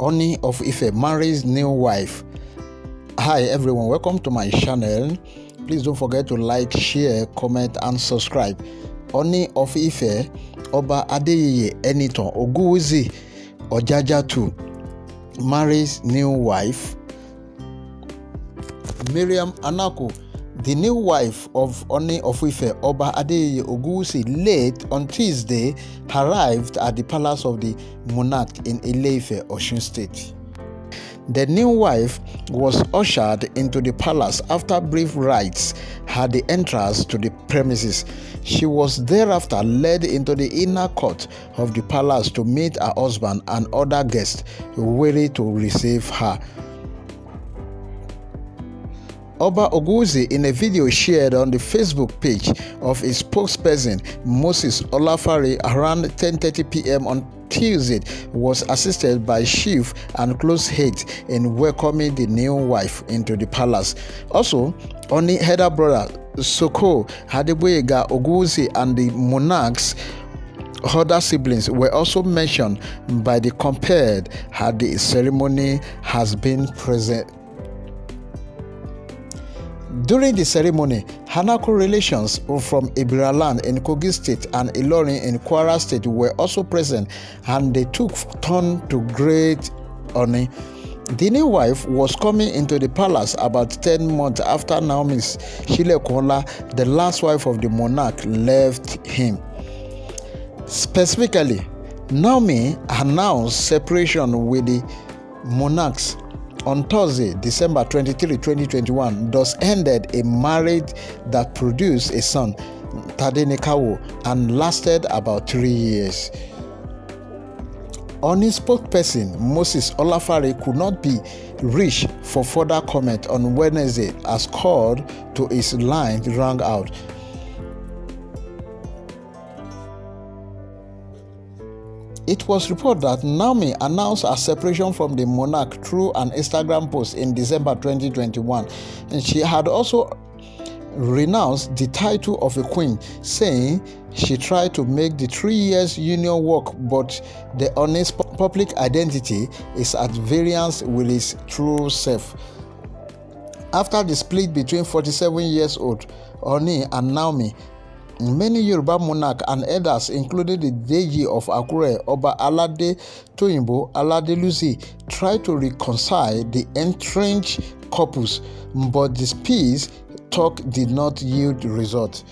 Oni of Ife marries new wife. Hi everyone, welcome to my channel. Please don't forget to like, share, comment and subscribe. Oni of Ife, Oba Adeyeye Eniton Oguwuzi Ojajatu marries new wife. Miriam Anako The new wife of Oni of Oba Adeye Ogusi, late on Tuesday arrived at the palace of the monarch in Ile-Ife, Osun State. The new wife was ushered into the palace after brief rites had the entrance to the premises. She was thereafter led into the inner court of the palace to meet her husband and other guests weary to receive her. Oba Oguzi, in a video shared on the Facebook page of his spokesperson Moses Olafare around 10:30 p.m. on Tuesday, was assisted by chief and close aides in welcoming the new wife into the palace. Also, only header brother Soko Hadeboyega Oguzi and the monarchs other siblings were also mentioned by the compared had the ceremony has been present During the ceremony, Hanako relations from Ibiraland in Kogi State and Ilorin in Kwara State were also present and they took turn to great honor. The new wife was coming into the palace about 10 months after Naomi's Shilekola, the last wife of the monarch, left him. Specifically, Naomi announced separation with the monarchs on Thursday, December 23, 2021, thus ended a marriage that produced a son, Tadenekawo, and lasted about three years. On his spokesperson Moses Olafare could not be reached for further comment on Wednesday as called to his line rang out. It was reported that Naomi announced her separation from the monarch through an Instagram post in December 2021, and she had also renounced the title of a queen, saying she tried to make the three years union work, but the honest public identity is at variance with its true self. After the split between 47 years old Oni and Naomi, Many Yoruba monarchs and elders, including the Deji of Akure, Oba Alade Toyinbo Aladelusi, tried to reconcile the entrenched couples, but the peace talk did not yield results.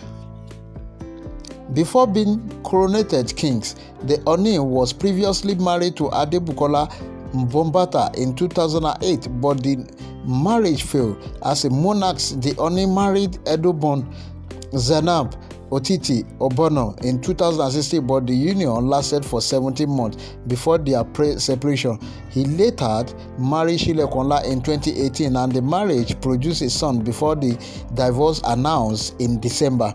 Before being coronated kings, the Oni was previously married to Adebukola Mbombata in 2008, but the marriage failed. As a monarch, the Oni married Edobon Zainab Otiti Obono in 2016, but the union lasted for 17 months before their separation. He later married Shilekonla in 2018, and the marriage produced a son before the divorce announced in December.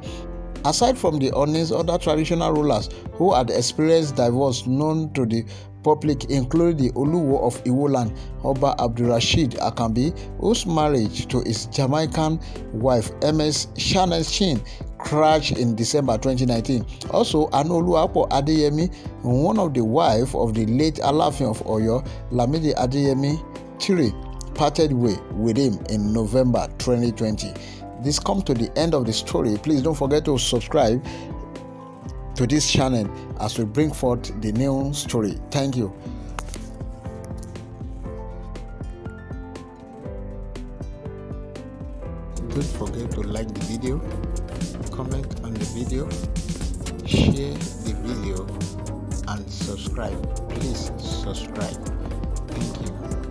Aside from the Onis, other traditional rulers who had experienced divorce known to the public including the Oluwo of Iwoland, Oba Abdulrasheed Akambi, whose marriage to his Jamaican wife MS Shannon Chin crashed in December 2019. Also, Anoluwapo Adeyemi, one of the wife of the late Alafin of Oyo, Lamidi Adeyemi Tiri, parted way with him in November 2020. This come to the end of the story. Please don't forget to subscribe to this channel as we bring forth the new story. Thank you. Don't forget to like the video, comment on the video, share the video and subscribe. Please subscribe. Thank you.